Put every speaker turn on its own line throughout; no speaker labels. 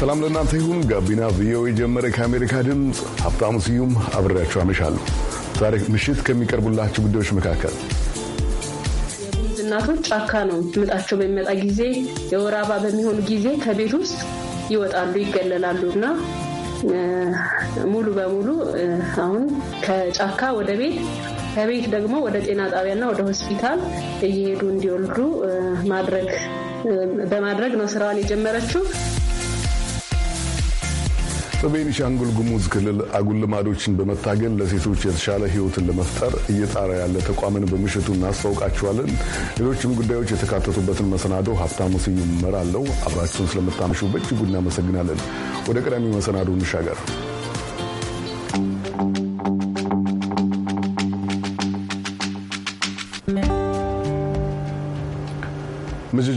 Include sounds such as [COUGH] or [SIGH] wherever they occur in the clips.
ሰላም ለእናንተ ይሁን። ጋቢና ቪኦኤ ጀመረ። ከአሜሪካ ድምፅ ሀብታሙ ስዩም አብሬያችሁ አመሻለሁ። ዛሬ ምሽት ከሚቀርቡላችሁ ጉዳዮች መካከል
እናቶች ጫካ ነው ምጣቸው በሚመጣ ጊዜ የወር አበባ በሚሆኑ ጊዜ ከቤት ውስጥ ይወጣሉ፣ ይገለላሉ እና ሙሉ በሙሉ አሁን ከጫካ ወደ ቤት ከቤት ደግሞ ወደ ጤና ጣቢያና ወደ ሆስፒታል እየሄዱ እንዲወልዱ ማድረግ በማድረግ ነው ስራዋን የጀመረችው።
በቤኒሻንጉል ጉሙዝ ክልል አጉል ልማዶችን በመታገል ለሴቶች የተሻለ ህይወትን ለመፍጠር እየጣረ ያለ ተቋምን በምሽቱ እናስታውቃችኋለን። ሌሎችም ጉዳዮች የተካተቱበትን መሰናዶ ሀብታሙ ስዩም እመራለሁ። አብራችሁን ስለምታመሹ በእጅጉ እናመሰግናለን። ወደ ቀዳሚው መሰናዶ እንሻገር።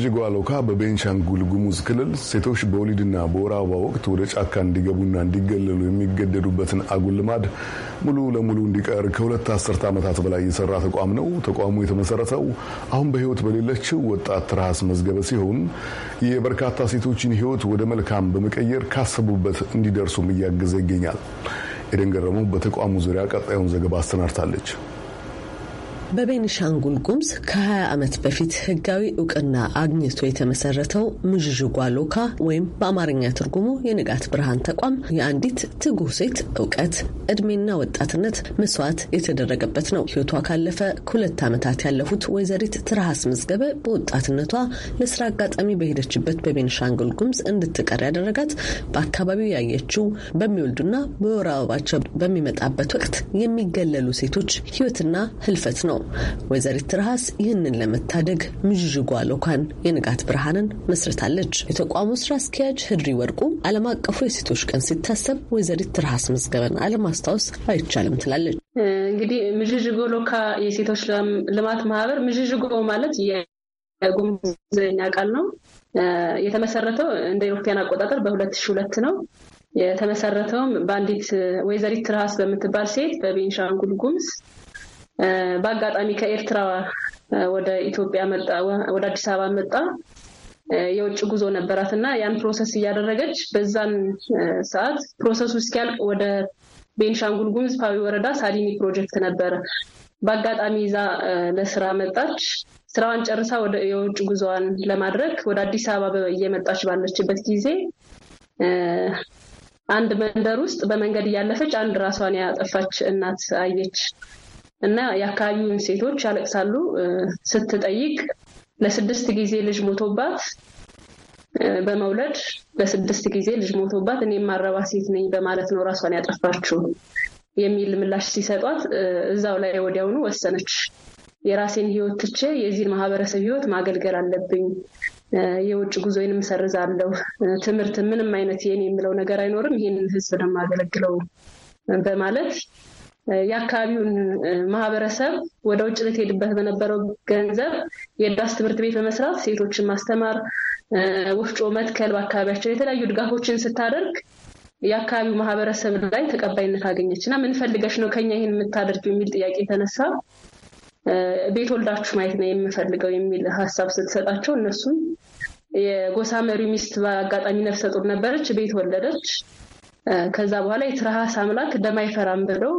እጅጉ ሎካ በቤንሻንጉል ጉሙዝ ክልል ሴቶች በወሊድና በወር አበባ ወቅት ወደ ጫካ እንዲገቡና እንዲገለሉ የሚገደዱበትን አጉል ልማድ ሙሉ ለሙሉ እንዲቀር ከሁለት አስርተ ዓመታት በላይ የሰራ ተቋም ነው። ተቋሙ የተመሰረተው አሁን በህይወት በሌለችው ወጣት ትርሃስ መዝገበ ሲሆን የበርካታ ሴቶችን ህይወት ወደ መልካም በመቀየር ካሰቡበት እንዲደርሱም እያገዘ ይገኛል። ኤደን ገረመው በተቋሙ ዙሪያ ቀጣዩን ዘገባ አሰናድታለች።
በቤኒሻንጉል ጉምዝ ከ20 ዓመት በፊት ህጋዊ እውቅና አግኝቶ የተመሰረተው ምዥዥጓ ሎካ ወይም በአማርኛ ትርጉሙ የንጋት ብርሃን ተቋም የአንዲት ትጉህ ሴት እውቀት፣ እድሜና ወጣትነት መስዋዕት የተደረገበት ነው። ህይወቷ ካለፈ ሁለት ዓመታት ያለፉት ወይዘሪት ትርሃስ መዝገበ በወጣትነቷ ለስራ አጋጣሚ በሄደችበት በቤኒሻንጉል ጉምዝ እንድትቀር ያደረጋት በአካባቢው ያየችው በሚወልዱና በወር አበባቸው በሚመጣበት ወቅት የሚገለሉ ሴቶች ህይወትና ህልፈት ነው። ወይዘሪት ትርሃስ ይህንን ለመታደግ ምዥጓ ሎካን የንጋት ብርሃንን መስርታለች። የተቋሙ ስራ አስኪያጅ ህድሪ ወርቁ ዓለም አቀፉ የሴቶች ቀን ሲታሰብ ወይዘሪት ትርሃስ መዝገበን አለማስታወስ አይቻልም ትላለች።
እንግዲህ ምዥዥጎ ሎካ የሴቶች ልማት ማህበር ምዥዥጎ ማለት የጉምዘኛ ቃል ነው። የተመሰረተው እንደ ኢሮፕያን አቆጣጠር በሁለት ሺህ ሁለት ነው። የተመሰረተውም በአንዲት ወይዘሪት ትርሃስ በምትባል ሴት በቤንሻንጉል ጉምዝ በአጋጣሚ ከኤርትራ ወደ ኢትዮጵያ መጣ፣ ወደ አዲስ አበባ መጣ። የውጭ ጉዞ ነበራት እና ያን ፕሮሰስ እያደረገች በዛን ሰዓት ፕሮሰሱ እስኪያልቅ ወደ ቤንሻንጉል ጉምዝ ፓዊ ወረዳ ሳሊኒ ፕሮጀክት ነበረ። በአጋጣሚ ይዛ ለስራ መጣች። ስራዋን ጨርሳ ወደ የውጭ ጉዞዋን ለማድረግ ወደ አዲስ አበባ እየመጣች ባለችበት ጊዜ አንድ መንደር ውስጥ በመንገድ እያለፈች አንድ ራሷን ያጠፋች እናት አየች። እና የአካባቢውን ሴቶች ያለቅሳሉ። ስትጠይቅ ለስድስት ጊዜ ልጅ ሞቶባት በመውለድ ለስድስት ጊዜ ልጅ ሞቶባት እኔ የማረባ ሴት ነኝ በማለት ነው ራሷን ያጠፋችው የሚል ምላሽ ሲሰጧት እዛው ላይ ወዲያውኑ ወሰነች። የራሴን ህይወት ትቼ የዚህን ማህበረሰብ ህይወት ማገልገል አለብኝ። የውጭ ጉዞዬንም ሰርዛለሁ፣ ትምህርት ምንም አይነት የኔ የምለው ነገር አይኖርም። ይህንን ህዝብ ነው የማገለግለው በማለት የአካባቢውን ማህበረሰብ ወደ ውጭ ልትሄድበት በነበረው ገንዘብ የዳስ ትምህርት ቤት በመስራት ሴቶችን ማስተማር፣ ወፍጮ መትከል፣ በአካባቢያቸው የተለያዩ ድጋፎችን ስታደርግ የአካባቢው ማህበረሰብ ላይ ተቀባይነት አገኘች እና ምን ፈልገሽ ነው ከኛ ይህን የምታደርጊው የሚል ጥያቄ የተነሳ ቤት ወልዳችሁ ማየት ነው የምፈልገው የሚል ሀሳብ ስትሰጣቸው እነሱም የጎሳ መሪ ሚስት በአጋጣሚ ነፍሰ ጡር ነበረች፣ ቤት ወለደች። ከዛ በኋላ የትርሃስ አምላክ ደም አይፈራም ብለው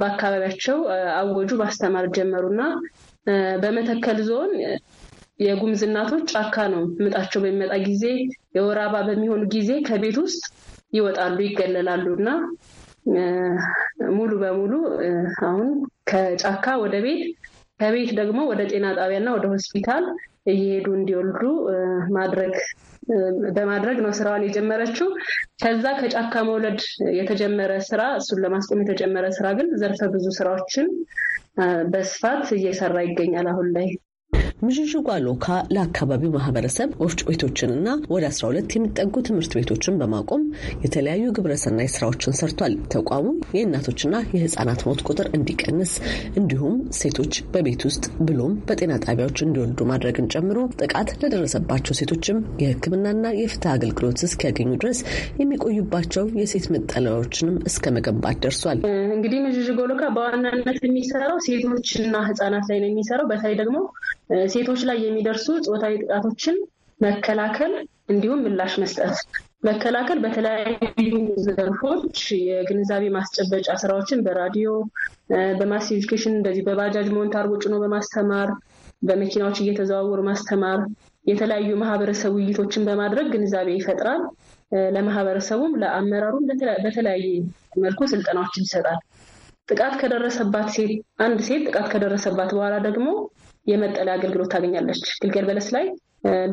በአካባቢያቸው አወጁ ማስተማር ጀመሩና በመተከል ዞን የጉምዝ እናቶች ጫካ ነው ምጣቸው በሚመጣ ጊዜ የወር አበባ በሚሆኑ ጊዜ ከቤት ውስጥ ይወጣሉ፣ ይገለላሉ እና ሙሉ በሙሉ አሁን ከጫካ ወደ ቤት ከቤት ደግሞ ወደ ጤና ጣቢያና ወደ ሆስፒታል እየሄዱ እንዲወልዱ ማድረግ በማድረግ ነው ስራዋን የጀመረችው። ከዛ ከጫካ መውለድ የተጀመረ ስራ እሱን ለማስቆም የተጀመረ ስራ ግን ዘርፈ ብዙ ስራዎችን በስፋት እየሰራ ይገኛል አሁን ላይ።
ምዥዥጓ ሎካ ለአካባቢው ማህበረሰብ ወፍጭ ቤቶችንና ወደ 12 የሚጠጉ ትምህርት ቤቶችን በማቆም የተለያዩ ግብረሰናይ ስራዎችን ሰርቷል። ተቋሙ የእናቶችና የህጻናት ሞት ቁጥር እንዲቀንስ እንዲሁም ሴቶች በቤት ውስጥ ብሎም በጤና ጣቢያዎች እንዲወልዱ ማድረግን ጨምሮ ጥቃት ለደረሰባቸው ሴቶችም የህክምናና የፍትህ አገልግሎት እስኪያገኙ ድረስ የሚቆዩባቸው የሴት መጠለያዎችንም እስከ መገንባት ደርሷል። እንግዲህ
ምዥዥጎ ሎካ በዋናነት የሚሰራው ሴቶችና ህጻናት ላይ ነው የሚሰራው። በተለይ ደግሞ ሴቶች ላይ የሚደርሱ ጾታዊ ጥቃቶችን መከላከል እንዲሁም ምላሽ መስጠት መከላከል በተለያዩ ዘርፎች የግንዛቤ ማስጨበጫ ስራዎችን በራዲዮ በማስ ኤጁኬሽን እንደዚህ በባጃጅ ሞንታር ውጭ ነው በማስተማር በመኪናዎች እየተዘዋወሩ ማስተማር የተለያዩ ማህበረሰብ ውይይቶችን በማድረግ ግንዛቤ ይፈጥራል። ለማህበረሰቡም ለአመራሩም በተለያየ መልኩ ስልጠናዎችን ይሰጣል። ጥቃት ከደረሰባት ሴት አንድ ሴት ጥቃት ከደረሰባት በኋላ ደግሞ የመጠለያ አገልግሎት ታገኛለች። ግልገል በለስ ላይ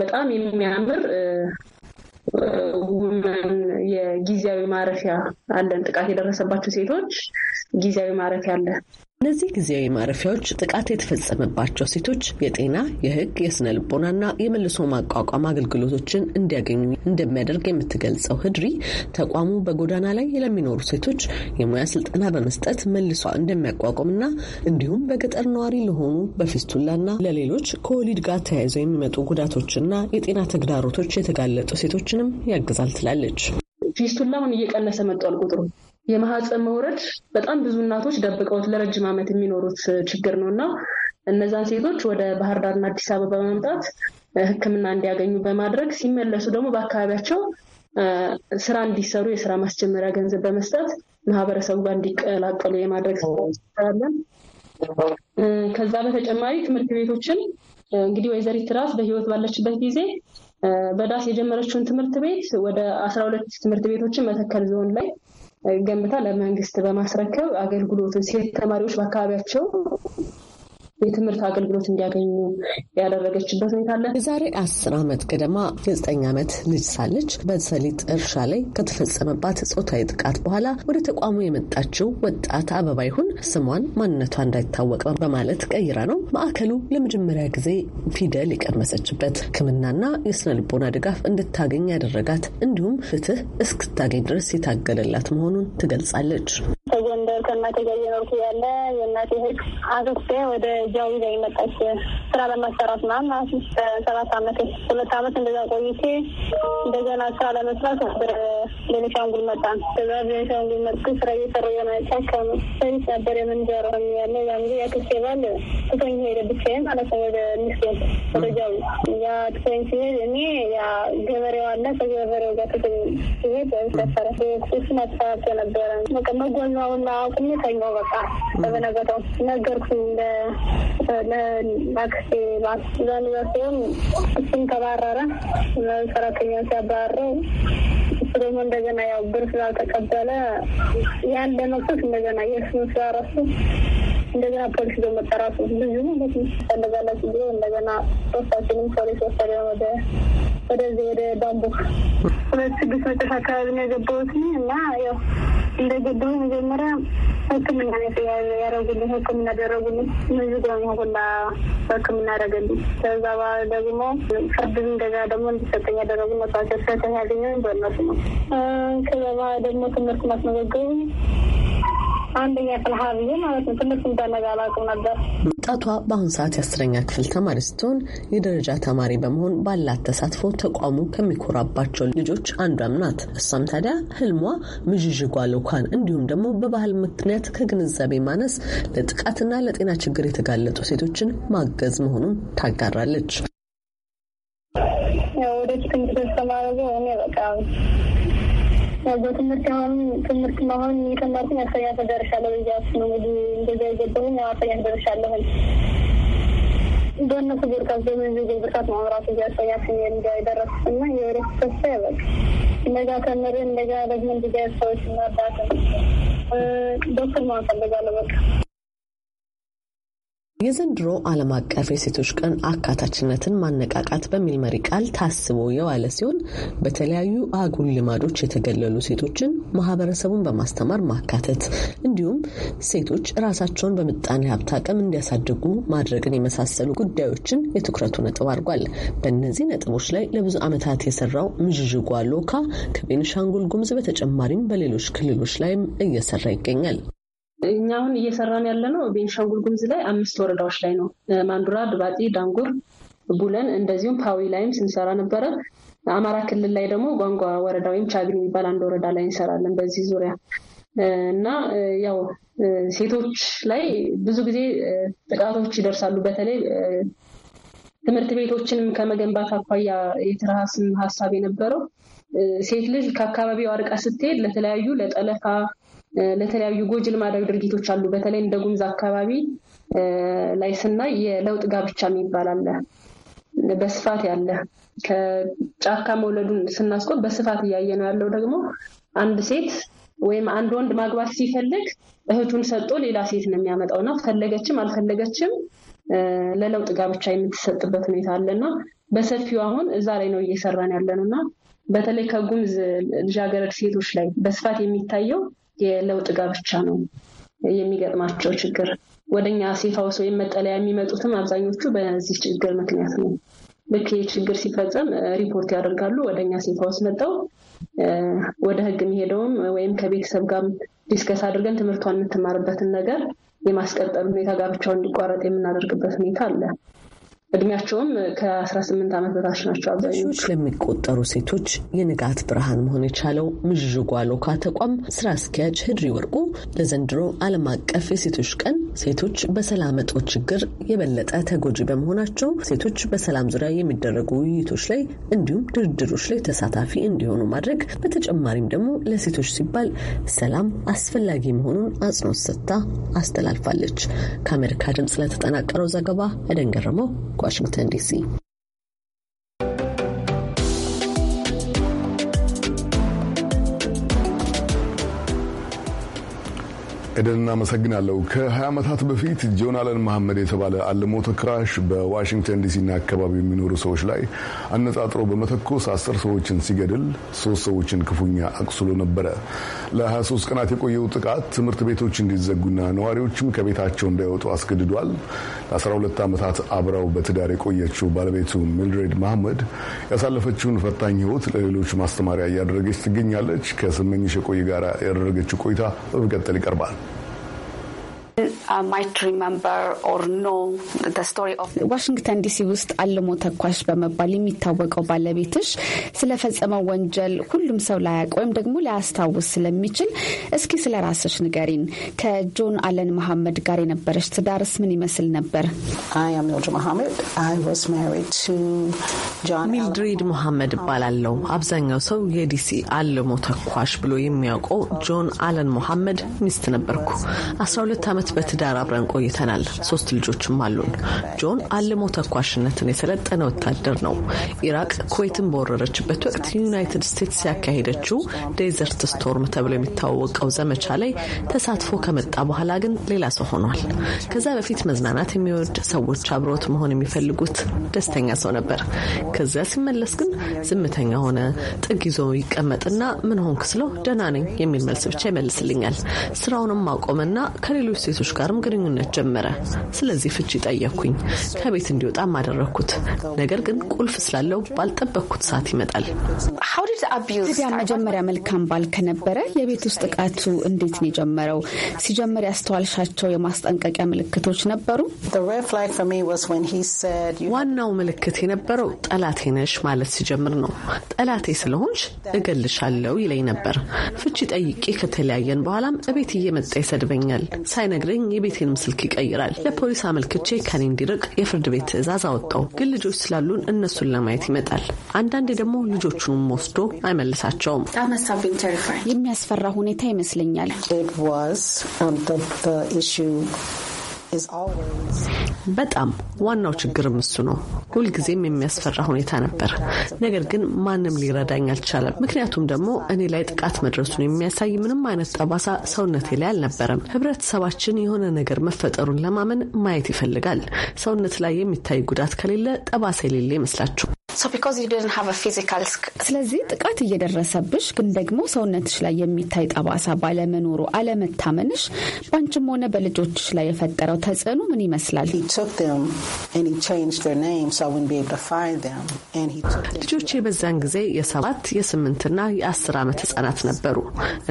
በጣም የሚያምር ውመን የጊዜያዊ ማረፊያ አለን። ጥቃት የደረሰባቸው ሴቶች ጊዜያዊ ማረፊያ አለ።
እነዚህ ጊዜያዊ ማረፊያዎች ጥቃት የተፈጸመባቸው ሴቶች የጤና፣ የህግ የስነ ልቦናና የመልሶ ማቋቋም አገልግሎቶችን እንዲያገኙ እንደሚያደርግ የምትገልጸው ህድሪ ተቋሙ በጎዳና ላይ ለሚኖሩ ሴቶች የሙያ ስልጠና በመስጠት መልሷ እንደሚያቋቁምና እንዲሁም በገጠር ነዋሪ ለሆኑ በፊስቱላና ለሌሎች ከወሊድ ጋር ተያይዘው የሚመጡ ጉዳቶችና የጤና ተግዳሮቶች የተጋለጡ ሴቶችንም ያግዛል ትላለች።
ፊስቱላ እየቀነሰ መጥቷል ቁጥሩ የማህፀን መውረድ በጣም ብዙ እናቶች ደብቀውት ለረጅም ዓመት የሚኖሩት ችግር ነው እና እነዛን ሴቶች ወደ ባህር ዳርና አዲስ አበባ በማምጣት ሕክምና እንዲያገኙ በማድረግ ሲመለሱ ደግሞ በአካባቢያቸው ስራ እንዲሰሩ የስራ ማስጀመሪያ ገንዘብ በመስጠት ማህበረሰቡ ጋር እንዲቀላቀሉ የማድረግ ስራለን። ከዛ በተጨማሪ ትምህርት ቤቶችን እንግዲህ ወይዘሪት ትራስ በህይወት ባለችበት ጊዜ በዳስ የጀመረችውን ትምህርት ቤት ወደ አስራ ሁለት ትምህርት ቤቶችን መተከል ዞን ላይ ገንብታ ለመንግስት በማስረከብ አገልግሎቱ ሴት ተማሪዎች በአካባቢያቸው
የትምህርት አገልግሎት እንዲያገኙ ያደረገችበት ሁኔታ አለ። የዛሬ አስር ዓመት ገደማ የዘጠኝ ዓመት ልጅ ሳለች በሰሊጥ እርሻ ላይ ከተፈጸመባት ጾታዊ ጥቃት በኋላ ወደ ተቋሙ የመጣችው ወጣት አበባ ይሁን ስሟን ማንነቷ እንዳይታወቅ በማለት ቀይራ ነው ማዕከሉ ለመጀመሪያ ጊዜ ፊደል የቀመሰችበት ሕክምናና የስነ ልቦና ድጋፍ እንድታገኝ ያደረጋት እንዲሁም ፍትህ እስክታገኝ ድረስ የታገለላት መሆኑን ትገልጻለች።
ከጎንደር ከእናቴ ጋር እየኖርኩ ያለ የእናቴ ህግ አክስቴ ወደ ጃዊ ላይ መጣች። ስራ ለማሰራት ምናምን ሰባት አመት ሁለት አመት እንደዛ ቆይቼ እንደገና ስራ ለመስራት ነበር ቤኒሻንጉል መጣን። ከዛ ቤኒሻንጉል መጥኩ ስራ እየሰሩ የመጫ ሰሪስ ነበር የምንጀረ ያለ ያ ጊዜ ያክስቴ ባል ትቶኝ ሄደ ብቻዬን ማለት ነው ወደ ሚስቴ ወደ ጃዊ ያ ትቶኝ ሲሄድ እኔ ያ ገበሬው አለ ከገበሬው ጋር ትቶኝ ሲሄድ ሰፈረ ሱስ ማጥፋት ነበረ መጎ ተኛውና አቁሜ ተኛው። በቃ በበነገተው ነገርኩ ለማክሴ ሱዳን ሲሆን እሱም ተባረረ። ሰራተኛውን ሲያባረው እሱ ደግሞ እንደገና ያው ብር ስላልተቀበለ ያን ለመክሰስ እንደገና የእሱን ስራ እንደገና ፖሊስ በመጠራቱ ልዩ ማለት ፈለጋላችሁ ብሎ እንደገና ሶስታችንም ፖሊስ ወሰደ ወደ ወደዚህ ወደ ዳምቦ ሁለት ስድስት መጨረሻ አካባቢ ነው የገባሁት እና ያው እንደ እንደገባሁ መጀመሪያ ሕክምና ያደረጉልኝ ሕክምና ያደረጉልኝ እነዚህ ደግሞ ሁላ ሕክምና ያደረገልኝ። ከዛ ደግሞ ፍርድ እንደዛ ደግሞ እንዲሰጠኝ ያደረጉ መስዋዕት ያገኘ በእነሱ ነው። ከዛ ደግሞ ትምህርት ማስመዘገቡ አንደኛ ጥልሀ ብዬ ማለት ነው። ትምህርት እንዳነገ አላውቅም ነበር።
ወጣቷ በአሁኑ ሰዓት የአስረኛ ክፍል ተማሪ ስትሆን የደረጃ ተማሪ በመሆን ባላት ተሳትፎ ተቋሙ ከሚኮራባቸው ልጆች አንዷም ናት። እሷም ታዲያ ህልሟ ምዥዥጓ ልኳን እንዲሁም ደግሞ በባህል ምክንያት ከግንዛቤ ማነስ ለጥቃትና ለጤና ችግር የተጋለጡ ሴቶችን ማገዝ መሆኑን ታጋራለች።
ወደፊት እንግዲህ ተማረ እኔ በቃ በትምህርት አሁን ትምህርት አሁን የተማርኩኝ አስረኛ ተደርሻለሁ። በዚያስ እንደዚ የገባሁኝ አስረኛ ተደርሻለሁኝ። በእነሱ ብርታት በመንዝ ብርታት ማምራት እያሰኛ እንደ ደረስኩት እና የወደፊት ተስፋ ተምር እንደጋ ደግሞ እንደዚ ሰዎች እናዳት ዶክተር መሆን በቃ
የዘንድሮ ዓለም አቀፍ የሴቶች ቀን አካታችነትን ማነቃቃት በሚል መሪ ቃል ታስቦ የዋለ ሲሆን በተለያዩ አጉል ልማዶች የተገለሉ ሴቶችን ማህበረሰቡን በማስተማር ማካተት እንዲሁም ሴቶች ራሳቸውን በምጣኔ ሀብት አቅም እንዲያሳድጉ ማድረግን የመሳሰሉ ጉዳዮችን የትኩረቱ ነጥብ አድርጓል። በእነዚህ ነጥቦች ላይ ለብዙ ዓመታት የሰራው ምዥዥጓ ሎካ ከቤንሻንጉል ጉምዝ በተጨማሪም በሌሎች ክልሎች ላይም እየሰራ ይገኛል።
እኛ አሁን እየሰራን ያለ ነው ቤንሻንጉል ጉምዝ ላይ አምስት ወረዳዎች ላይ ነው። ማንዱራ፣ ድባጢ፣ ዳንጉር፣ ቡለን እንደዚሁም ፓዊ ላይም ስንሰራ ነበረ። አማራ ክልል ላይ ደግሞ ጓንጓ ወረዳ ወይም ቻግኒ የሚባል አንድ ወረዳ ላይ እንሰራለን በዚህ ዙሪያ እና ያው ሴቶች ላይ ብዙ ጊዜ ጥቃቶች ይደርሳሉ። በተለይ ትምህርት ቤቶችንም ከመገንባት አኳያ የትርሃስም ሀሳብ የነበረው ሴት ልጅ ከአካባቢው አርቃ ስትሄድ ለተለያዩ ለጠለፋ ለተለያዩ ጎጂ ልማዳዊ ድርጊቶች አሉ። በተለይ እንደ ጉምዝ አካባቢ ላይ ስናይ የለውጥ ጋብቻ የሚባል አለ በስፋት ያለ ከጫካ መውለዱን ስናስቆም በስፋት እያየ ነው ያለው። ደግሞ አንድ ሴት ወይም አንድ ወንድ ማግባት ሲፈልግ እህቱን ሰጥቶ ሌላ ሴት ነው የሚያመጣው እና ፈለገችም አልፈለገችም ለለውጥ ጋብቻ የምትሰጥበት ሁኔታ አለ እና በሰፊው አሁን እዛ ላይ ነው እየሰራን ያለን እና በተለይ ከጉምዝ ልጃገረድ ሴቶች ላይ በስፋት የሚታየው የለውጥ ጋብቻ ነው የሚገጥማቸው ችግር። ወደኛ ሴፍ ሀውስ ወይም መጠለያ የሚመጡትም አብዛኞቹ በዚህ ችግር ምክንያት ነው። ልክ ይህ ችግር ሲፈጸም ሪፖርት ያደርጋሉ። ወደኛ ሴፍ ሀውስ መጠው ወደ ህግ የሚሄደውም ወይም ከቤተሰብ ጋር ዲስከስ አድርገን ትምህርቷን የምትማርበትን ነገር የማስቀጠል ሁኔታ ጋብቻውን እንዲቋረጥ የምናደርግበት ሁኔታ አለ። እድሜያቸውም ከ18
ዓመት በታች ናቸው። አብዛኞቹ ለሚቆጠሩ ሴቶች የንጋት ብርሃን መሆን የቻለው ምዥጓ ሎካ ተቋም ስራ አስኪያጅ ህድሪ ወርቁ ለዘንድሮ ዓለም አቀፍ የሴቶች ቀን ሴቶች በሰላም እጦት ችግር የበለጠ ተጎጂ በመሆናቸው ሴቶች በሰላም ዙሪያ የሚደረጉ ውይይቶች ላይ እንዲሁም ድርድሮች ላይ ተሳታፊ እንዲሆኑ ማድረግ በተጨማሪም ደግሞ ለሴቶች ሲባል ሰላም አስፈላጊ መሆኑን አጽንኦት ሰጥታ አስተላልፋለች። ከአሜሪካ ድምጽ ለተጠናቀረው ዘገባ ኤደን ገረመው ዋሽንግተን ዲሲ።
ኤደን እናመሰግናለሁ። ከ20 ዓመታት በፊት ጆን አለን መሐመድ የተባለ አልሞ ተከራሽ በዋሽንግተን ዲሲና አካባቢ የሚኖሩ ሰዎች ላይ አነጣጥሮ በመተኮስ አስር ሰዎችን ሲገድል ሶስት ሰዎችን ክፉኛ አቁስሎ ነበረ። ለ23 ቀናት የቆየው ጥቃት ትምህርት ቤቶች እንዲዘጉና ነዋሪዎችም ከቤታቸው እንዳይወጡ አስገድዷል። ለ12 ዓመታት አብረው በትዳር የቆየችው ባለቤቱ ሚልድሬድ መሐመድ ያሳለፈችውን ፈታኝ ህይወት ለሌሎች ማስተማሪያ እያደረገች ትገኛለች። ከስመኝሽ የቆየ ጋር ያደረገችው ቆይታ በመቀጠል ይቀርባል።
ዋሽንግተን ዲሲ ውስጥ አልሞ ተኳሽ በመባል የሚታወቀው ባለቤትሽ ስለፈጸመው ወንጀል ሁሉም ሰው ላያውቅ ወይም ደግሞ ላያስታውስ ስለሚችል እስኪ ስለ ራስሽ ንገሪን። ከጆን አለን መሐመድ ጋር የነበረች ትዳርስ ምን ይመስል ነበር?
ሚልድሪድ መሐመድ እባላለሁ። አብዛኛው ሰው የዲሲ አልሞ ተኳሽ ብሎ የሚያውቀው ጆን አለን መሐመድ ሚስት ነበርኩ። 12 ዓመት ዓመት በትዳር አብረን ቆይተናል። ሶስት ልጆችም አሉን። ጆን አልሞ ተኳሽነትን የሰለጠነ ወታደር ነው። ኢራቅ ኩዌትን በወረረችበት ወቅት ዩናይትድ ስቴትስ ያካሄደችው ዴዘርት ስቶርም ተብሎ የሚታወቀው ዘመቻ ላይ ተሳትፎ ከመጣ በኋላ ግን ሌላ ሰው ሆኗል። ከዛ በፊት መዝናናት የሚወድ ሰዎች አብሮት መሆን የሚፈልጉት ደስተኛ ሰው ነበር። ከዚያ ሲመለስ ግን ዝምተኛ ሆነ። ጥግ ይዞ ይቀመጥና ምን ሆንክ ስለው ደህና ነኝ የሚል መልስ ብቻ ይመልስልኛል። ስራውንም አቆመና ከሌሎች ሴቶች ጋርም ግንኙነት ጀመረ። ስለዚህ ፍቺ ጠየቅኩኝ። ከቤት እንዲወጣም አደረግኩት። ነገር ግን ቁልፍ ስላለው ባልጠበቅኩት ሰዓት ይመጣል።
ታዲያ መጀመሪያ መልካም ባል ከነበረ የቤት ውስጥ ጥቃቱ እንዴት ነው የጀመረው? ሲጀምር ያስተዋልሻቸው የማስጠንቀቂያ ምልክቶች ነበሩ? ዋናው ምልክት የነበረው
ጠላቴ ነሽ ማለት ሲጀምር ነው። ጠላቴ ስለሆንሽ እገልሻለሁ ይለኝ ነበር። ፍቺ ጠይቄ ከተለያየን በኋላም እቤት እየመጣ ይሰድበኛል። ሳይነግ ሲነግረኝ የቤቴንም ስልክ ይቀይራል። ለፖሊስ አመልክቼ ከኔ እንዲርቅ የፍርድ ቤት ትዕዛዝ አወጣው። ግን ልጆች ስላሉን እነሱን ለማየት ይመጣል። አንዳንዴ ደግሞ ልጆቹንም ወስዶ አይመልሳቸውም።
የሚያስፈራ ሁኔታ ይመስለኛል።
በጣም ዋናው ችግርም እሱ ነው። ሁልጊዜም የሚያስፈራ ሁኔታ ነበር። ነገር ግን ማንም ሊረዳኝ አልቻለም። ምክንያቱም ደግሞ እኔ ላይ ጥቃት መድረሱን የሚያሳይ ምንም አይነት ጠባሳ ሰውነቴ ላይ አልነበረም። ህብረተሰባችን የሆነ ነገር መፈጠሩን ለማመን ማየት ይፈልጋል። ሰውነት ላይ የሚታይ ጉዳት ከሌለ ጠባሳ የሌለ ይመስላችሁ
ስለዚህ ጥቃት እየደረሰብሽ ግን ደግሞ ሰውነትሽ ላይ የሚታይ ጠባሳ ባለመኖሩ አለመታመንሽ በንችም ሆነ በልጆችሽ ላይ የፈጠረው ተጽዕኖ ምን ይመስላል?
ልጆቼ በዛን ጊዜ የሰባት የስምንትና የአስር ዓመት ህጻናት ነበሩ።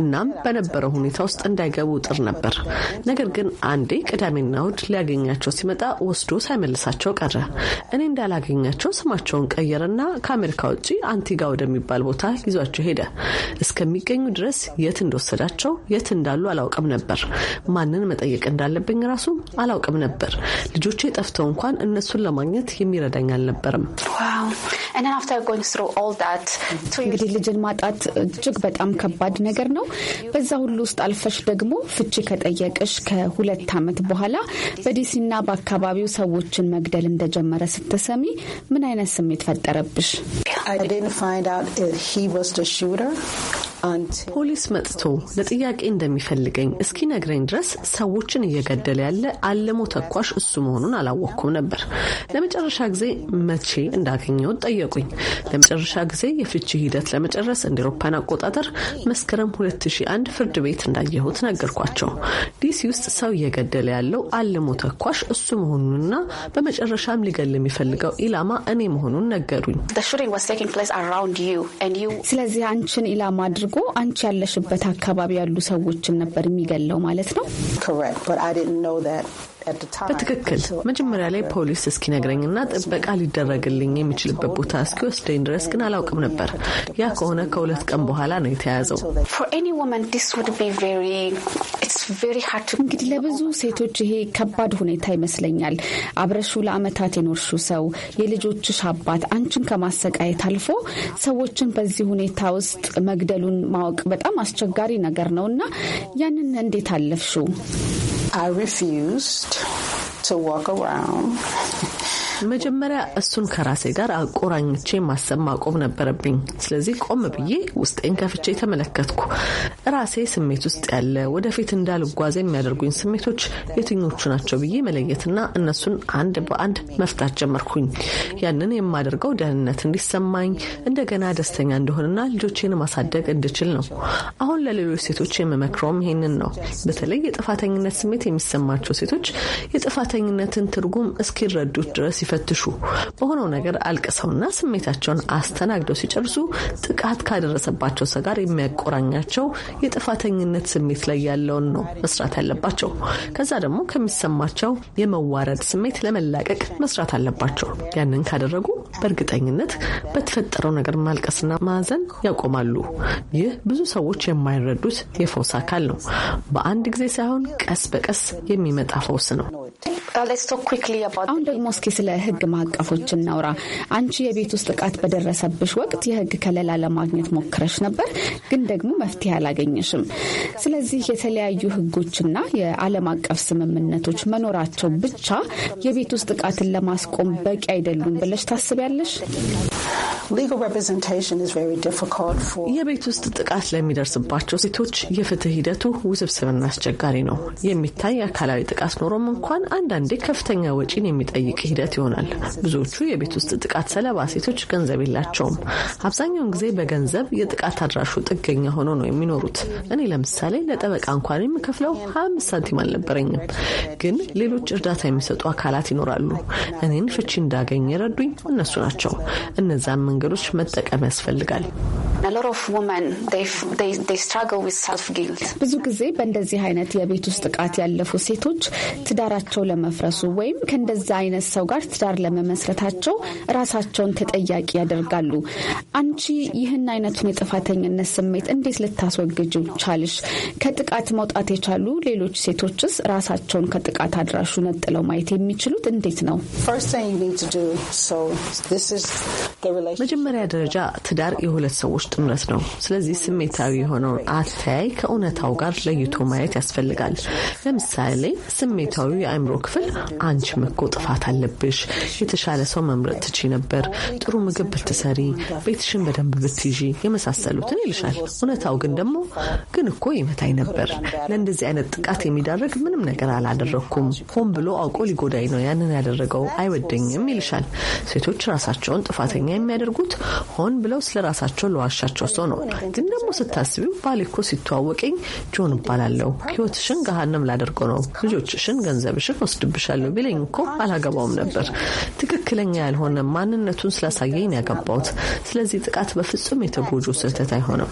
እናም በነበረው ሁኔታ ውስጥ እንዳይገቡ ጥር ነበር። ነገር ግን አንዴ ቅዳሜና እሁድ ሊያገኛቸው ሲመጣ ወስዶ ሳይመልሳቸው ቀረ። እኔ እንዳላገኛቸው ስማቸውን ቀየ ቀየረና ከአሜሪካ ውጭ አንቲጋ ወደሚባል ቦታ ይዟቸው ሄደ። እስከሚገኙ ድረስ የት እንደወሰዳቸው የት እንዳሉ አላውቅም ነበር። ማንን መጠየቅ እንዳለብኝ ራሱ አላውቅም ነበር። ልጆቼ ጠፍተው እንኳን እነሱን ለማግኘት የሚረዳኝ አልነበርም።
እንግዲህ ልጅን ማጣት እጅግ በጣም ከባድ ነገር ነው። በዛ ሁሉ ውስጥ አልፈሽ ደግሞ ፍቺ ከጠየቅሽ ከሁለት ዓመት በኋላ በዲሲና በአካባቢው ሰዎችን መግደል እንደጀመረ ስትሰሚ ምን አይነት
ስሜት I didn't find out if he was the shooter ፖሊስ መጥቶ ለጥያቄ እንደሚፈልገኝ እስኪ ነግረኝ ድረስ ሰዎችን እየገደለ ያለ አለሞ ተኳሽ እሱ መሆኑን አላወቅኩም ነበር። ለመጨረሻ ጊዜ መቼ እንዳገኘው ጠየቁኝ። ለመጨረሻ ጊዜ የፍቺ ሂደት ለመጨረስ እንደ አቆጣጠር መስከረም 2001 ፍርድ ቤት እንዳየሁት ነገርኳቸው። ዲሲ ውስጥ ሰው እየገደለ ያለው አለሞ ተኳሽ እሱ መሆኑንና በመጨረሻም ሊገል የሚፈልገው ኢላማ እኔ መሆኑን ነገሩኝ።
ስለዚህ አንቺን ኢላማ አድርጎ አድርጎ አንቺ ያለሽበት አካባቢ ያሉ ሰዎችን ነበር የሚገለው ማለት ነው?
በትክክል መጀመሪያ ላይ ፖሊስ እስኪነግረኝና ጥበቃ ሊደረግልኝ የሚችልበት ቦታ እስኪወስደኝ ድረስ ግን አላውቅም ነበር። ያ ከሆነ ከሁለት ቀን በኋላ ነው የተያዘው።
እንግዲህ ለብዙ ሴቶች ይሄ ከባድ ሁኔታ ይመስለኛል። አብረሹ ለአመታት የኖርሹ ሰው፣ የልጆችሽ አባት አንቺን ከማሰቃየት አልፎ ሰዎችን በዚህ ሁኔታ ውስጥ መግደሉን ማወቅ በጣም አስቸጋሪ ነገር ነው እና ያንን እንዴት አለፍሹ? I refused to walk around.
[LAUGHS] መጀመሪያ እሱን ከራሴ ጋር አቆራኝቼ ማሰብ ማቆም ነበረብኝ። ስለዚህ ቆም ብዬ ውስጤን ከፍቼ ተመለከትኩ። ራሴ ስሜት ውስጥ ያለ ወደፊት እንዳልጓዝ የሚያደርጉኝ ስሜቶች የትኞቹ ናቸው ብዬ መለየትና እነሱን አንድ በአንድ መፍታት ጀመርኩኝ። ያንን የማደርገው ደህንነት እንዲሰማኝ እንደገና ደስተኛ እንደሆንና ልጆቼን ማሳደግ እንድችል ነው። አሁን ለሌሎች ሴቶች የምመክረውም ይሄንን ነው። በተለይ የጥፋተኝነት ስሜት የሚሰማቸው ሴቶች የጥፋተኝነትን ትርጉም እስኪረዱት ድረስ ሲፈትሹ በሆነው ነገር አልቅሰውና ስሜታቸውን አስተናግደው ሲጨርሱ ጥቃት ካደረሰባቸው ሰው ጋር የሚያቆራኛቸው የጥፋተኝነት ስሜት ላይ ያለውን ነው መስራት ያለባቸው። ከዛ ደግሞ ከሚሰማቸው የመዋረድ ስሜት ለመላቀቅ መስራት አለባቸው። ያንን ካደረጉ በእርግጠኝነት በተፈጠረው ነገር ማልቀስና ማዘን ያቆማሉ። ይህ ብዙ ሰዎች የማይረዱት የፈውስ አካል ነው። በአንድ ጊዜ ሳይሆን ቀስ በቀስ የሚመጣ ፈውስ ነው።
አሁን ደግሞ እስኪ ስለ የህግ ማዕቀፎች እናውራ። አንቺ የቤት ውስጥ ጥቃት በደረሰብሽ ወቅት የህግ ከለላ ለማግኘት ሞክረሽ ነበር፣ ግን ደግሞ መፍትሄ አላገኘሽም። ስለዚህ የተለያዩ ህጎችና የዓለም አቀፍ ስምምነቶች መኖራቸው ብቻ የቤት ውስጥ ጥቃትን ለማስቆም በቂ አይደሉም ብለሽ ታስቢያለሽ?
የቤት ውስጥ ጥቃት ለሚደርስባቸው ሴቶች የፍትህ ሂደቱ ውስብስብና አስቸጋሪ ነው። የሚታይ አካላዊ ጥቃት ኖሮም እንኳን አንዳንዴ ከፍተኛ ወጪን የሚጠይቅ ሂደት ይሆናል። ብዙዎቹ የቤት ውስጥ ጥቃት ሰለባ ሴቶች ገንዘብ የላቸውም። አብዛኛውን ጊዜ በገንዘብ የጥቃት አድራሹ ጥገኛ ሆኖ ነው የሚኖሩት። እኔ ለምሳሌ ለጠበቃ እንኳን የምከፍለው 25 ሳንቲም አልነበረኝም። ግን ሌሎች እርዳታ የሚሰጡ አካላት ይኖራሉ። እኔን ፍቺ እንዳገኝ የረዱኝ እነሱ ናቸው። እነዛም መንገዶች መጠቀም ያስፈልጋል።
ብዙ ጊዜ በእንደዚህ አይነት የቤት ውስጥ ጥቃት ያለፉ ሴቶች ትዳራቸው ለመፍረሱ ወይም ከእንደዛ አይነት ሰው ጋር ትዳር ለመመስረታቸው ራሳቸውን ተጠያቂ ያደርጋሉ። አንቺ ይህን አይነቱን የጥፋተኝነት ስሜት እንዴት ልታስወግጅ ቻልሽ? ከጥቃት መውጣት የቻሉ ሌሎች ሴቶችስ ራሳቸውን ከጥቃት
አድራሹ ነጥለው ማየት የሚችሉት እንዴት ነው? መጀመሪያ ደረጃ ትዳር የሁለት ሰዎች ጥምረት ነው። ስለዚህ ስሜታዊ የሆነውን አተያይ ከእውነታው ጋር ለይቶ ማየት ያስፈልጋል። ለምሳሌ ስሜታዊ የአእምሮ ክፍል አንቺም እኮ ጥፋት አለብሽ፣ የተሻለ ሰው መምረጥ ትቺ ነበር፣ ጥሩ ምግብ ብትሰሪ፣ ቤትሽን በደንብ ብትይዢ የመሳሰሉትን ይልሻል። እውነታው ግን ደግሞ ግን እኮ ይመታኝ ነበር፣ ለእንደዚህ አይነት ጥቃት የሚዳረግ ምንም ነገር አላደረግኩም፣ ሆን ብሎ አውቆ ሊጎዳኝ ነው ያንን ያደረገው፣ አይወደኝም ይልሻል። ሴቶች ራሳቸውን ጥፋተኛ የሚያደርጉ ያደረጉት ሆን ብለው ስለ ራሳቸው ለዋሻቸው ሰው ነው። ግን ደግሞ ስታስቢው ባሌ እኮ ሲተዋወቀኝ ጆን እባላለሁ፣ ሕይወትሽን ገሃነም ላደርገው ነው፣ ልጆችሽን፣ ገንዘብሽን ወስድብሻለሁ ቢለኝ እኮ አላገባውም ነበር። ትክክለኛ ያልሆነ ማንነቱን ስላሳየኝ ያገባሁት። ስለዚህ ጥቃት በፍጹም የተጎጂው ስህተት አይሆንም።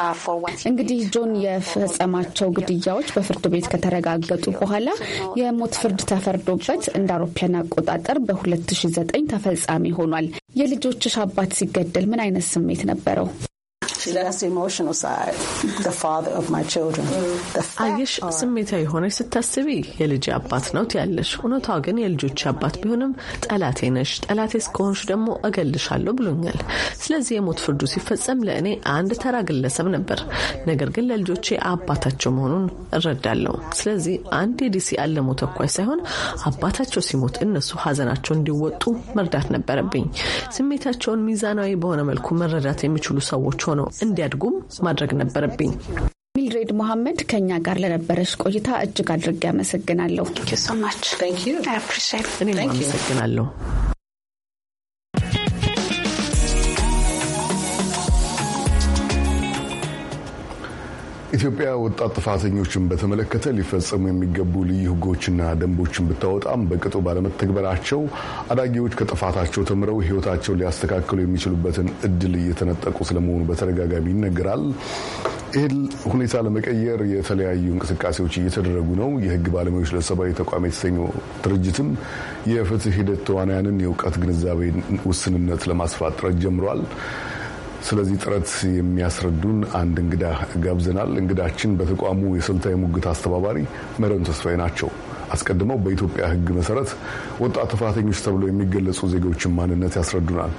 uh, እንግዲህ ጆን የፈጸማቸው ግድያዎች በፍርድ ቤት ከተረጋገጡ በኋላ የሞት ፍርድ ተፈርዶበት እንደ አውሮፓውያን አቆጣጠር በ2009 ተፈጻሚ ሆኗል። የልጆችሽ አባት ሲገደል ምን አይነት ስሜት ነበረው?
አየሽ፣ ስሜታዊ የሆነች ስታስቢ የልጅ አባት ነው ትያለሽ። እውነቷ ግን የልጆች አባት ቢሆንም ጠላቴ ነሽ፣ ጠላቴ እስከሆንሽ ደግሞ እገልሻለሁ ብሎኛል። ስለዚህ የሞት ፍርዱ ሲፈጸም ለእኔ አንድ ተራ ግለሰብ ነበር፣ ነገር ግን ለልጆቼ አባታቸው መሆኑን እረዳለሁ። ስለዚህ አንድ የዲሲ አለሞ ተኳይ ሳይሆን አባታቸው ሲሞት እነሱ ሀዘናቸው እንዲወጡ መርዳት ነበረብኝ። ስሜታቸውን ሚዛናዊ በሆነ መልኩ መረዳት የሚችሉ ሰዎች ሆነው እንዲያድጉም ማድረግ ነበረብኝ።
ሚልድሬድ መሐመድ ከእኛ ጋር ለነበረች ቆይታ እጅግ አድርጌ አመሰግናለሁ። እኔ አመሰግናለሁ።
ኢትዮጵያ ወጣት ጥፋተኞችን በተመለከተ ሊፈጸሙ የሚገቡ ልዩ ህጎችና ደንቦችን ብታወጣም በቅጡ ባለመተግበራቸው አዳጊዎች ከጥፋታቸው ተምረው ህይወታቸው ሊያስተካክሉ የሚችሉበትን እድል እየተነጠቁ ስለመሆኑ በተደጋጋሚ ይነገራል። ይህን ሁኔታ ለመቀየር የተለያዩ እንቅስቃሴዎች እየተደረጉ ነው። የህግ ባለሙያዎች ለሰብአዊ ተቋም የተሰኘው ድርጅትም የፍትህ ሂደት ተዋናያንን የእውቀት ግንዛቤ ውስንነት ለማስፋት ጥረት ጀምሯል። ስለዚህ ጥረት የሚያስረዱን አንድ እንግዳ ጋብዘናል። እንግዳችን በተቋሙ የስልታዊ ሙግት አስተባባሪ መረን ተስፋዬ ናቸው። አስቀድመው በኢትዮጵያ ሕግ መሰረት ወጣት ጥፋተኞች ተብለው የሚገለጹ ዜጎችን ማንነት ያስረዱናል።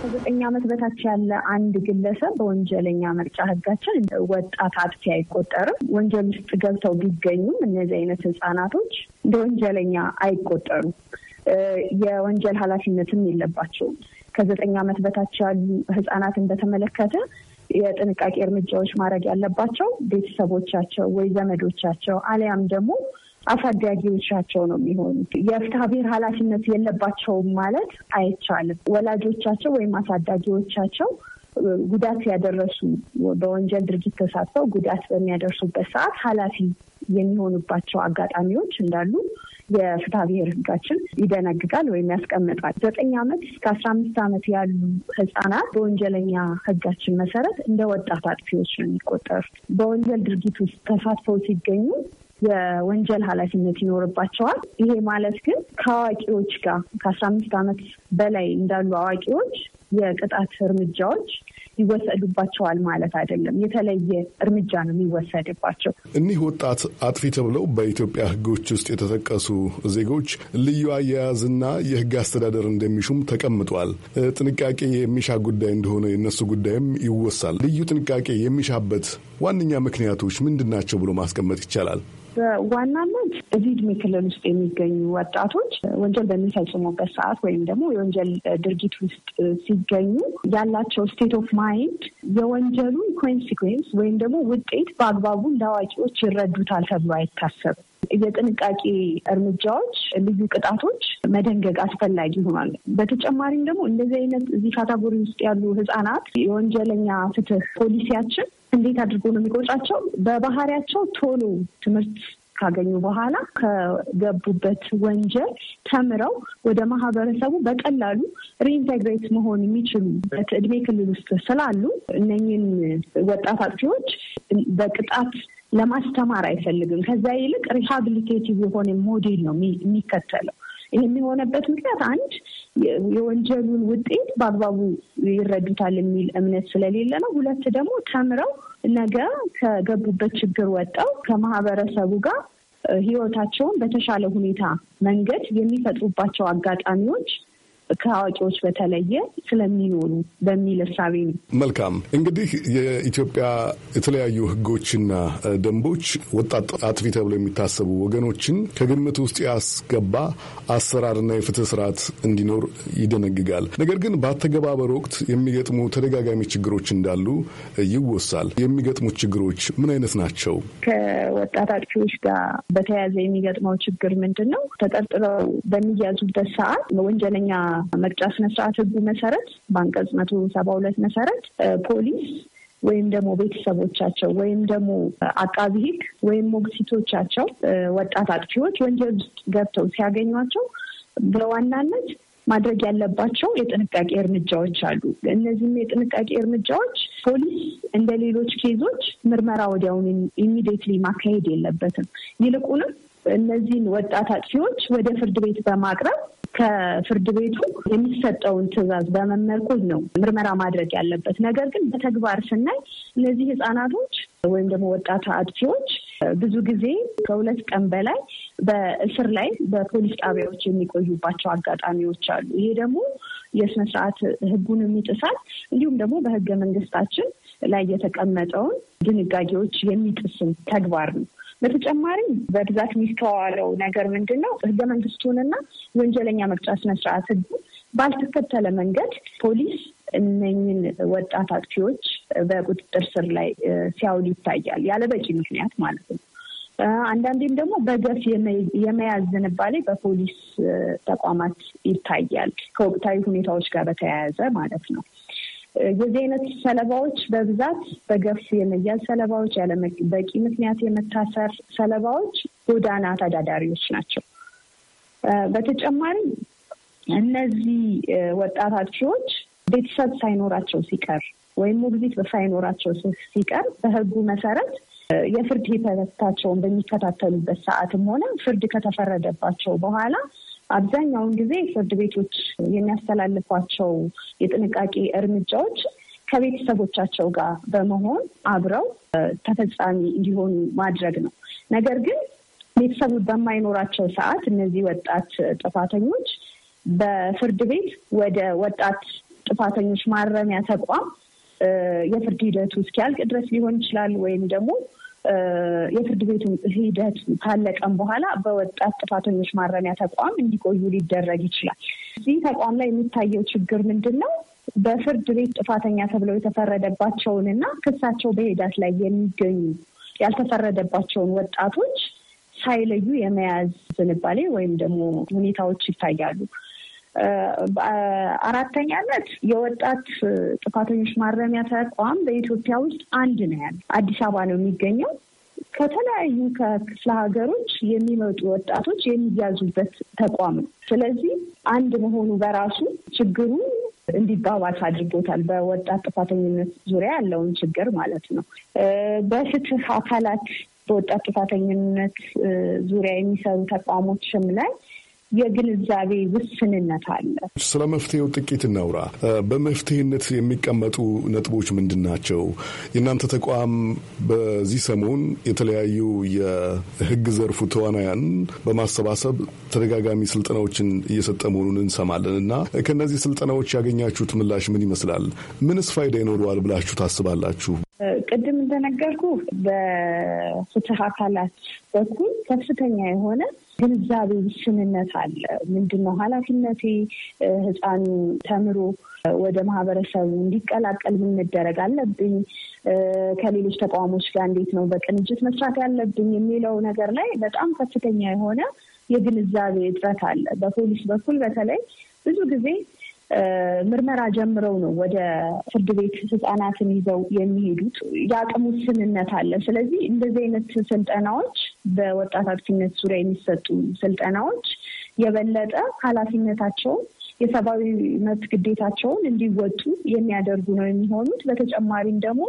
ከዘጠኝ ዓመት በታች ያለ አንድ ግለሰብ በወንጀለኛ መርጫ ህጋችን ወጣት አጥፊ አይቆጠርም። ወንጀል ውስጥ ገብተው ቢገኙም እነዚህ አይነት ህጻናቶች እንደ ወንጀለኛ አይቆጠሩም። የወንጀል ኃላፊነትም የለባቸውም። ከዘጠኝ ዓመት በታች ያሉ ህጻናትን በተመለከተ የጥንቃቄ እርምጃዎች ማድረግ ያለባቸው ቤተሰቦቻቸው ወይ ዘመዶቻቸው አሊያም ደግሞ አሳዳጊዎቻቸው ነው የሚሆኑት። የፍትሐ ብሔር ኃላፊነት የለባቸውም ማለት አይቻልም። ወላጆቻቸው ወይም አሳዳጊዎቻቸው ጉዳት ያደረሱ በወንጀል ድርጊት ተሳትፈው ጉዳት በሚያደርሱበት ሰዓት ኃላፊ የሚሆኑባቸው አጋጣሚዎች እንዳሉ የፍትሐ ብሔር ህጋችን ይደነግጋል ወይም ያስቀምጣል። ዘጠኝ ዓመት እስከ አስራ አምስት ዓመት ያሉ ህጻናት በወንጀለኛ ህጋችን መሰረት እንደ ወጣት አጥፊዎች ነው የሚቆጠሩት። በወንጀል ድርጊት ውስጥ ተሳትፈው ሲገኙ የወንጀል ኃላፊነት ይኖርባቸዋል። ይሄ ማለት ግን ከአዋቂዎች ጋር ከአስራ አምስት ዓመት በላይ እንዳሉ አዋቂዎች የቅጣት እርምጃዎች ይወሰዱባቸዋል ማለት አይደለም። የተለየ እርምጃ ነው የሚወሰድባቸው።
እኒህ ወጣት አጥፊ ተብለው በኢትዮጵያ ሕጎች ውስጥ የተጠቀሱ ዜጎች ልዩ አያያዝና የሕግ አስተዳደር እንደሚሹም ተቀምጧል። ጥንቃቄ የሚሻ ጉዳይ እንደሆነ የነሱ ጉዳይም ይወሳል። ልዩ ጥንቃቄ የሚሻበት ዋነኛ ምክንያቶች ምንድን ናቸው ብሎ ማስቀመጥ ይቻላል?
በዋናነት እዚህ እድሜ ክልል ውስጥ የሚገኙ ወጣቶች ወንጀል በሚፈጽሙበት ሰዓት ወይም ደግሞ የወንጀል ድርጊት ውስጥ ሲገኙ ያላቸው ስቴት ኦፍ ማይንድ የወንጀሉን ኮንሲኩዌንስ ወይም ደግሞ ውጤት በአግባቡ ለአዋቂዎች ይረዱታል ተብሎ አይታሰብም። የጥንቃቄ እርምጃዎች፣ ልዩ ቅጣቶች መደንገግ አስፈላጊ ይሆናል። በተጨማሪም ደግሞ እንደዚህ አይነት እዚህ ካታጎሪ ውስጥ ያሉ ህጻናት የወንጀለኛ ፍትህ ፖሊሲያችን እንዴት አድርጎ ነው የሚቆጫቸው? በባህሪያቸው ቶሎ ትምህርት ካገኙ በኋላ ከገቡበት ወንጀል ተምረው ወደ ማህበረሰቡ በቀላሉ ሪኢንቴግሬት መሆን የሚችሉበት እድሜ ክልል ውስጥ ስላሉ እነኝን ወጣት አጥፊዎች በቅጣት ለማስተማር አይፈልግም። ከዛ ይልቅ ሪሃብሊቴቲቭ የሆነ ሞዴል ነው የሚከተለው። ይህ የሚሆነበት ምክንያት አንድ የወንጀሉን ውጤት በአግባቡ ይረዱታል የሚል እምነት ስለሌለ ነው። ሁለት ደግሞ ተምረው ነገ ከገቡበት ችግር ወጠው ከማህበረሰቡ ጋር ህይወታቸውን በተሻለ ሁኔታ መንገድ የሚፈጥሩባቸው አጋጣሚዎች ከአዋቂዎች በተለየ ስለሚኖሩ በሚል እሳቤ ነው።
መልካም እንግዲህ የኢትዮጵያ የተለያዩ ህጎችና ደንቦች ወጣት አጥፊ ተብለው የሚታሰቡ ወገኖችን ከግምት ውስጥ ያስገባ አሰራርና የፍትህ ስርዓት እንዲኖር ይደነግጋል። ነገር ግን በአተገባበር ወቅት የሚገጥሙ ተደጋጋሚ ችግሮች እንዳሉ ይወሳል። የሚገጥሙ ችግሮች ምን አይነት ናቸው?
ከወጣት
አጥፊዎች ጋር በተያያዘ የሚገጥመው ችግር ምንድን ነው? ተጠርጥረው በሚያዙበት ሰዓት ወንጀለኛ መቅጫ ስነስርዓት ህጉ መሰረት በአንቀጽ መቶ ሰባ ሁለት መሰረት ፖሊስ ወይም ደግሞ ቤተሰቦቻቸው ወይም ደግሞ አቃቢ ህግ ወይም ሞግሲቶቻቸው ወጣት አጥፊዎች ወንጀል ውስጥ ገብተው ሲያገኟቸው በዋናነት ማድረግ ያለባቸው የጥንቃቄ እርምጃዎች አሉ። እነዚህም የጥንቃቄ እርምጃዎች ፖሊስ እንደ ሌሎች ኬዞች ምርመራ ወዲያውን ኢሚዲየትሊ ማካሄድ የለበትም። ይልቁንም እነዚህን ወጣት አጥፊዎች ወደ ፍርድ ቤት በማቅረብ ከፍርድ ቤቱ የሚሰጠውን ትዕዛዝ በመመርኮዝ ነው ምርመራ ማድረግ ያለበት። ነገር ግን በተግባር ስናይ እነዚህ ህጻናቶች ወይም ደግሞ ወጣት አጥፊዎች ብዙ ጊዜ ከሁለት ቀን በላይ በእስር ላይ በፖሊስ ጣቢያዎች የሚቆዩባቸው አጋጣሚዎች አሉ። ይሄ ደግሞ የስነ ስርዓት ህጉንም ይጥሳል፣ እንዲሁም ደግሞ በህገ መንግስታችን ላይ የተቀመጠውን ድንጋጌዎች የሚጥስም ተግባር ነው። በተጨማሪም በብዛት የሚስተዋለው ነገር ምንድን ነው? ህገ መንግስቱንና የወንጀለኛ መቅጫ ስነስርዓት ህጉ ባልተከተለ መንገድ ፖሊስ እነኝን ወጣት አጥፊዎች በቁጥጥር ስር ላይ ሲያውል ይታያል። ያለ በቂ ምክንያት ማለት ነው። አንዳንዴም ደግሞ በገፍ የመያዝ ዝንባሌ በፖሊስ ተቋማት ይታያል። ከወቅታዊ ሁኔታዎች ጋር በተያያዘ ማለት ነው። የዚህ አይነት ሰለባዎች በብዛት በገፍ የመያዝ ሰለባዎች፣ ያለ በቂ ምክንያት የመታሰር ሰለባዎች ጎዳና ተዳዳሪዎች ናቸው። በተጨማሪም እነዚህ ወጣት አጥፊዎች ቤተሰብ ሳይኖራቸው ሲቀር ወይም ሞግዚት ሳይኖራቸው ሲቀር በሕጉ መሰረት የፍርድ ሂደታቸውን በሚከታተሉበት ሰዓትም ሆነ ፍርድ ከተፈረደባቸው በኋላ አብዛኛውን ጊዜ ፍርድ ቤቶች የሚያስተላልፏቸው የጥንቃቄ እርምጃዎች ከቤተሰቦቻቸው ጋር በመሆን አብረው ተፈጻሚ እንዲሆኑ ማድረግ ነው። ነገር ግን ቤተሰቡ በማይኖራቸው ሰዓት እነዚህ ወጣት ጥፋተኞች በፍርድ ቤት ወደ ወጣት ጥፋተኞች ማረሚያ ተቋም የፍርድ ሂደቱ እስኪያልቅ ድረስ ሊሆን ይችላል ወይም ደግሞ የፍርድ ቤቱን ሂደት ካለቀም በኋላ በወጣት ጥፋተኞች ማረሚያ ተቋም እንዲቆዩ ሊደረግ ይችላል። እዚህ ተቋም ላይ የሚታየው ችግር ምንድን ነው? በፍርድ ቤት ጥፋተኛ ተብለው እና ክሳቸው በሂደት ላይ የሚገኙ ያልተፈረደባቸውን ወጣቶች ሳይለዩ የመያዝ ዝንባሌ ወይም ደግሞ ሁኔታዎች ይታያሉ። አራተኛነት የወጣት ጥፋተኞች ማረሚያ ተቋም በኢትዮጵያ ውስጥ አንድ ነው ያለ አዲስ አበባ ነው የሚገኘው። ከተለያዩ ከክፍለ ሀገሮች የሚመጡ ወጣቶች የሚያዙበት ተቋም ነው። ስለዚህ አንድ መሆኑ በራሱ ችግሩ እንዲባባስ አድርጎታል። በወጣት ጥፋተኝነት ዙሪያ ያለውን ችግር ማለት ነው። በፍትህ አካላት በወጣት ጥፋተኝነት ዙሪያ የሚሰሩ ተቋሞችም ላይ የግንዛቤ ውስንነት አለ።
ስለ መፍትሄው ጥቂት እናውራ። በመፍትሄነት የሚቀመጡ ነጥቦች ምንድን ናቸው? የእናንተ ተቋም በዚህ ሰሞን የተለያዩ የህግ ዘርፉ ተዋናያን በማሰባሰብ ተደጋጋሚ ስልጠናዎችን እየሰጠ መሆኑን እንሰማለን እና ከእነዚህ ስልጠናዎች ያገኛችሁት ምላሽ ምን ይመስላል? ምንስ ፋይዳ ይኖረዋል ብላችሁ ታስባላችሁ?
ቅድም እንደነገርኩ በፍትህ አካላት በኩል ከፍተኛ የሆነ ግንዛቤ ውስንነት አለ። ምንድን ነው ኃላፊነቴ ህፃን ተምሮ ወደ ማህበረሰቡ እንዲቀላቀል ምን መደረግ አለብኝ፣ ከሌሎች ተቋሞች ጋር እንዴት ነው በቅንጅት መስራት ያለብኝ የሚለው ነገር ላይ በጣም ከፍተኛ የሆነ የግንዛቤ እጥረት አለ። በፖሊስ በኩል በተለይ ብዙ ጊዜ ምርመራ ጀምረው ነው ወደ ፍርድ ቤት ህጻናትን ይዘው የሚሄዱት። የአቅም ውስንነት አለ። ስለዚህ እንደዚህ አይነት ስልጠናዎች በወጣት አጥፊነት ዙሪያ የሚሰጡ ስልጠናዎች የበለጠ ኃላፊነታቸውን የሰብአዊ መብት ግዴታቸውን እንዲወጡ የሚያደርጉ ነው የሚሆኑት። በተጨማሪም ደግሞ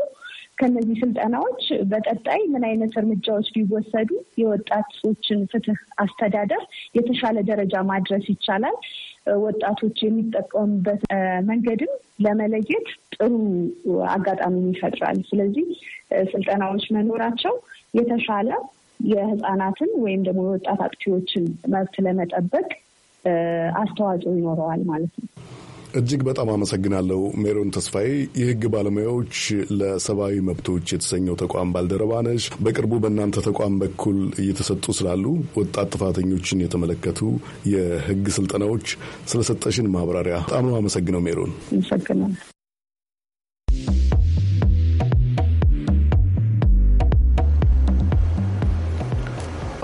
ከነዚህ ስልጠናዎች በቀጣይ ምን አይነት እርምጃዎች ቢወሰዱ የወጣቶችን ፍትህ አስተዳደር የተሻለ ደረጃ ማድረስ ይቻላል ወጣቶች የሚጠቀሙበት መንገድም ለመለየት ጥሩ አጋጣሚ ይፈጥራል። ስለዚህ ስልጠናዎች መኖራቸው የተሻለ የህፃናትን ወይም ደግሞ የወጣት አጥፊዎችን መብት ለመጠበቅ አስተዋጽኦ ይኖረዋል ማለት ነው።
እጅግ በጣም አመሰግናለሁ ሜሮን ተስፋዬ። የህግ ባለሙያዎች ለሰብአዊ መብቶች የተሰኘው ተቋም ባልደረባ ነሽ። በቅርቡ በእናንተ ተቋም በኩል እየተሰጡ ስላሉ ወጣት ጥፋተኞችን የተመለከቱ የህግ ስልጠናዎች ስለሰጠሽን ማብራሪያ በጣም ነው አመሰግነው ሜሮን።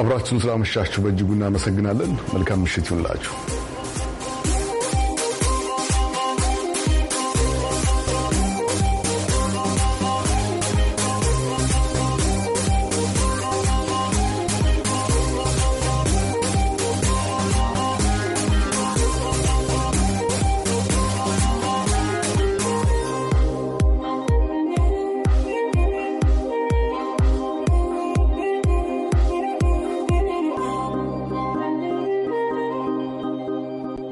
አብራችሁን ስላመሻችሁ በእጅጉ እናመሰግናለን። መልካም ምሽት ይሁንላችሁ።